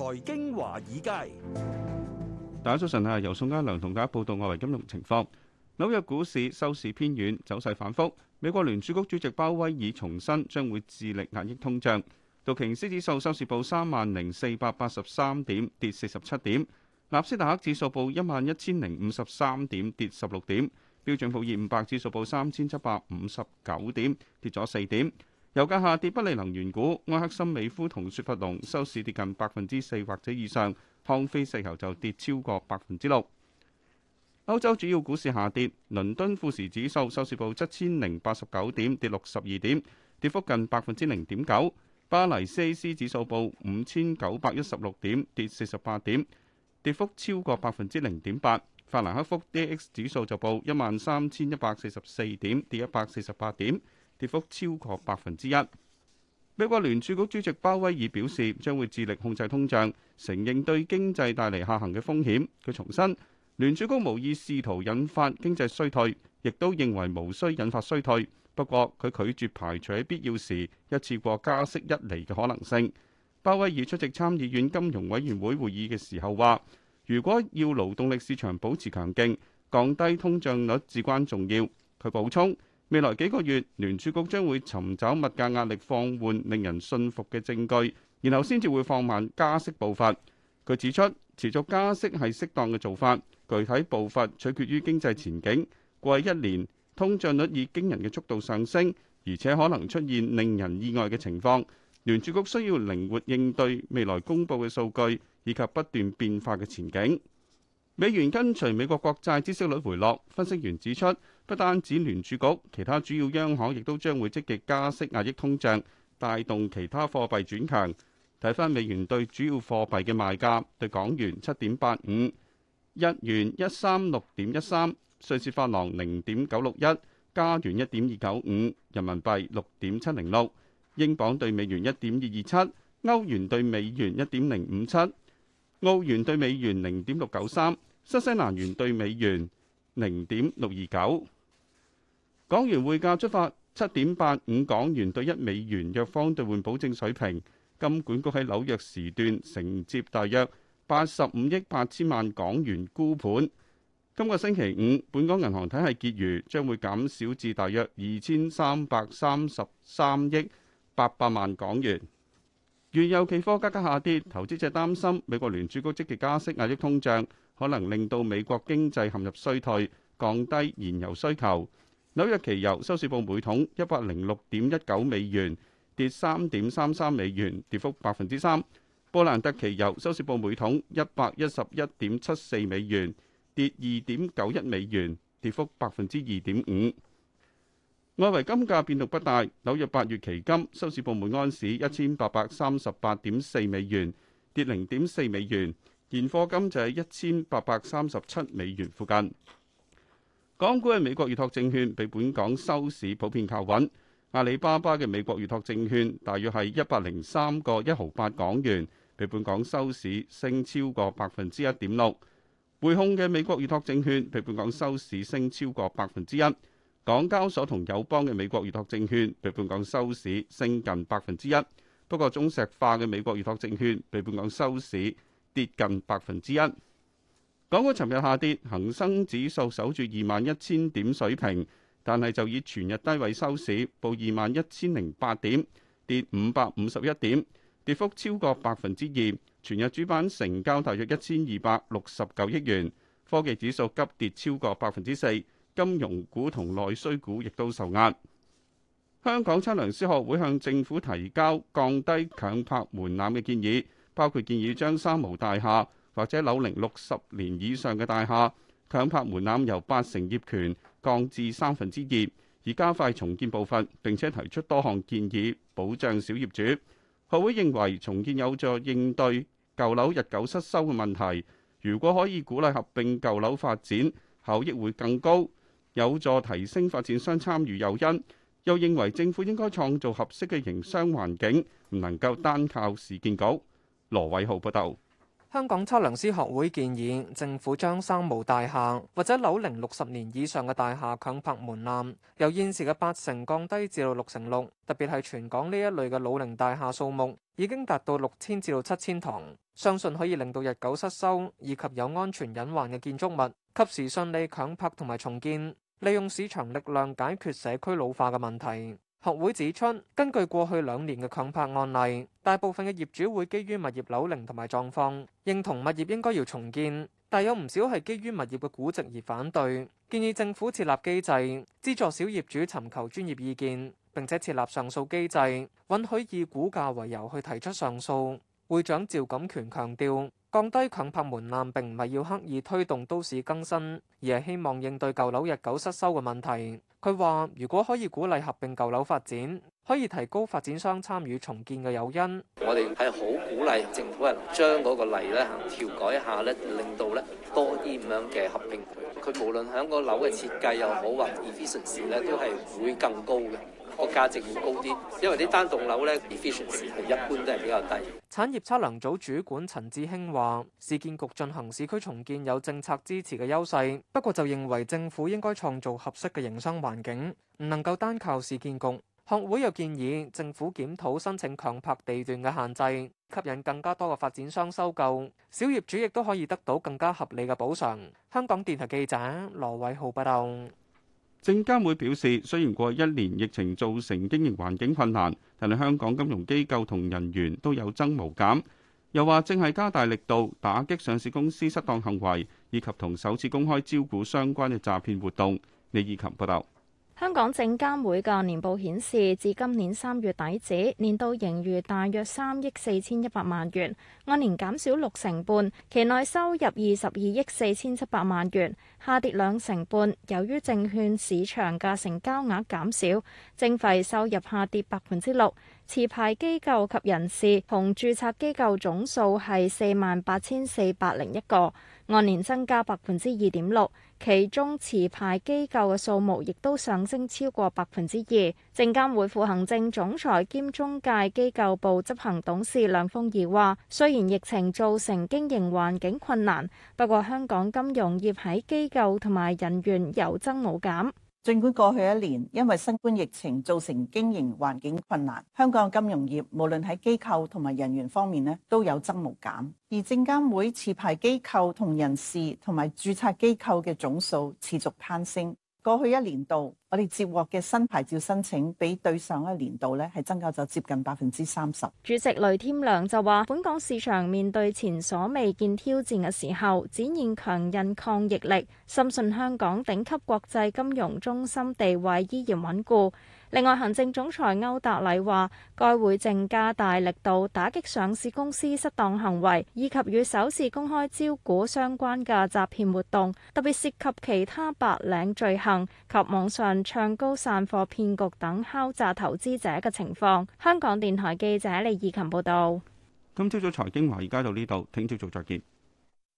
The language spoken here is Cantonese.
財經華爾街，大家早晨啊！由宋家良同大家報道外圍金融情況。紐約股市收市偏軟，走勢反覆。美國聯儲局主席鮑威爾重申將會致力壓抑通脹。道瓊斯指數收市報三萬零四百八十三點，跌四十七點。納斯達克指數報一萬一千零五十三點，跌十六點。標準普爾五百指數報三千七百五十九點，跌咗四點。油價下跌不利能源股，埃克森美孚同雪佛龍收市跌近百分之四或者以上，康菲石油就跌超過百分之六。歐洲主要股市下跌，倫敦富時指數收市報七千零八十九點，跌六十二點，跌幅近百分之零點九。巴黎 CAC 指數報五千九百一十六點，跌四十八點，跌幅超過百分之零點八。法蘭克福 DAX 指數就報一萬三千一百四十四點，跌一百四十八點。跌幅超過百分之一。美國聯儲局主席鮑威爾表示，將會致力控制通脹，承認對經濟帶嚟下行嘅風險。佢重申，聯儲局無意試圖引發經濟衰退，亦都認為無需引發衰退。不過，佢拒絕排除喺必要時一次過加息一釐嘅可能性。鮑威爾出席參議院金融委員會會議嘅時候話，如果要勞動力市場保持強勁，降低通脹率至關重要。佢補充。未來幾個月，聯儲局將會尋找物價壓力放緩令人信服嘅證據，然後先至會放慢加息步伐。佢指出，持續加息係適當嘅做法，具體步伐取決於經濟前景。過去一年，通脹率以驚人嘅速度上升，而且可能出現令人意外嘅情況。聯儲局需要靈活應對未來公布嘅數據，以及不斷變化嘅前景。美元跟隨美國國債孳息率回落，分析員指出。不單止聯儲局，其他主要央行亦都將會積極加息壓抑通脹，帶動其他貨幣轉強。睇返美元對主要貨幣嘅賣價：對港元七點八五，日元一三六點一三，瑞士法郎零點九六一，加元一點二九五，人民幣六點七零六，英鎊對美元一點二二七，歐元對美元一點零五七，澳元對美元零點六九三，新西蘭元對美元零點六二九。港元匯價出發，七點八五港元對一美元弱方兌換保證水平。金管局喺紐約時段承接大約八十五億八千萬港元沽盤。今個星期五，本港銀行體系結餘將會減少至大約二千三百三十三億八百萬港元。原油期貨價格下跌，投資者擔心美國聯儲局積極加息壓抑通脹，可能令到美國經濟陷入衰退，降低燃油需求。紐約期油收市報每桶一百零六點一九美元，跌三點三三美元，跌幅百分之三。波蘭特期油收市報每桶一百一十一點七四美元，跌二點九一美元，跌幅百分之二點五。外圍金價變動不大，紐約八月期金收市報每安士一千八百三十八點四美元，跌零點四美元，現貨金就喺一千八百三十七美元附近。港股嘅美國預託證券比本港收市普遍靠穩，阿里巴巴嘅美國預託證券大約係一百零三個一毫八港元，比本港收市升超過百分之一點六。匯控嘅美國預託證券比本港收市升超過百分之一，港交所同友邦嘅美國預託證券比本港收市升近百分之一。不過中石化嘅美國預託證券比本港收市跌近百分之一。港股尋日下跌，恒生指數守住二萬一千點水平，但係就以全日低位收市，報二萬一千零八點，跌五百五十一點，跌幅超過百分之二。全日主板成交大約一千二百六十九億元。科技指數急跌超過百分之四，金融股同內需股亦都受壓。香港測量師學會向政府提交降低強拍門檻嘅建議，包括建議將三無大廈，或者樓齡六十年以上嘅大廈，強拍門檻由八成業權降至三分之二，而加快重建部分，並且提出多項建議保障小業主。學會認為重建有助應對舊樓日久失修嘅問題。如果可以鼓勵合併舊樓發展，效益會更高，有助提升發展商參與誘因，又認為政府應該創造合適嘅營商環境，唔能夠單靠市建局。羅偉浩報導。香港測量師學會建議政府將三無大廈或者樓齡六十年以上嘅大廈強拍門檻由現時嘅八成降低至到六成六，特別係全港呢一類嘅老齡大廈數目已經達到六千至到七千幢。相信可以令到日久失修以及有安全隱患嘅建築物及時順利強拍同埋重建，利用市場力量解決社區老化嘅問題。學會指出，根據過去兩年嘅強拍案例，大部分嘅業主會基於物業樓齡同埋狀況，認同物業應該要重建，但有唔少係基於物業嘅估值而反對。建議政府設立機制，資助小業主尋求專業意見，並且設立上訴機制，允許以估價為由去提出上訴。會長趙錦權強調，降低強拍門檻並唔係要刻意推動都市更新，而係希望應對舊樓日久失修嘅問題。佢話： 如果可以鼓勵合併舊樓發展，可以提高發展商參與重建嘅誘因。我哋係好鼓勵政府係將嗰個例咧行調改一下咧，令到咧多啲咁樣嘅合併。佢無論喺個樓嘅設計又好，或 efficiency 時咧，都係會更高嘅。個價值會高啲，因為啲單棟樓咧，efficiency 係一般都係比較低。產業測量組主管陳志興話，市建局進行市區重建有政策支持嘅優勢，不過就認為政府應該創造合適嘅營商環境，唔能夠單靠市建局。學會又建議政府檢討申請強拍地段嘅限制，吸引更加多嘅發展商收購，小業主亦都可以得到更加合理嘅補償。香港電台記者羅偉浩報道。證監會表示，雖然過去一年疫情造成經營環境困難，但係香港金融機構同人員都有增無減。又話正係加大力度打擊上市公司失當行為以及同首次公開招股相關嘅詐騙活動。李以琴報道。香港證監會嘅年報顯示，至今年三月底止，年度盈餘大約三億四千一百萬元，按年減少六成半；期內收入二十二億四千七百萬元，下跌兩成半。由於證券市場嘅成交額減少，徵費收入下跌百分之六。持牌機構及人士同註冊機構總數係四萬八千四百零一個，按年增加百分之二點六，其中持牌機構嘅數目亦都上升超過百分之二。證監會副行政總裁兼中介機構部執行董事梁鳳儀話，雖然疫情造成經營環境困難，不過香港金融業喺機構同埋人員有增冇減。盡管過去一年因為新冠疫情造成經營環境困難，香港金融業無論喺機構同埋人員方面都有增無減，而證監會持牌機構同人士同埋註冊機構嘅總數持續攀升。過去一年度，我哋接獲嘅新牌照申請，比對上一年度呢，係增加咗接近百分之三十。主席雷添良就話，本港市場面對前所未見挑戰嘅時候，展現強韌抗逆力，深信香港頂級國際金融中心地位依然穩固。另外，行政總裁歐達禮話，該會正加大力度打擊上市公司失當行為，以及與首次公開招股相關嘅詐騙活動，特別涉及其他白領罪行及網上。唱高散貨騙局等敲詐投資者嘅情況。香港電台記者李義勤報導。今朝早財經華爾街到呢度，聽朝早再見。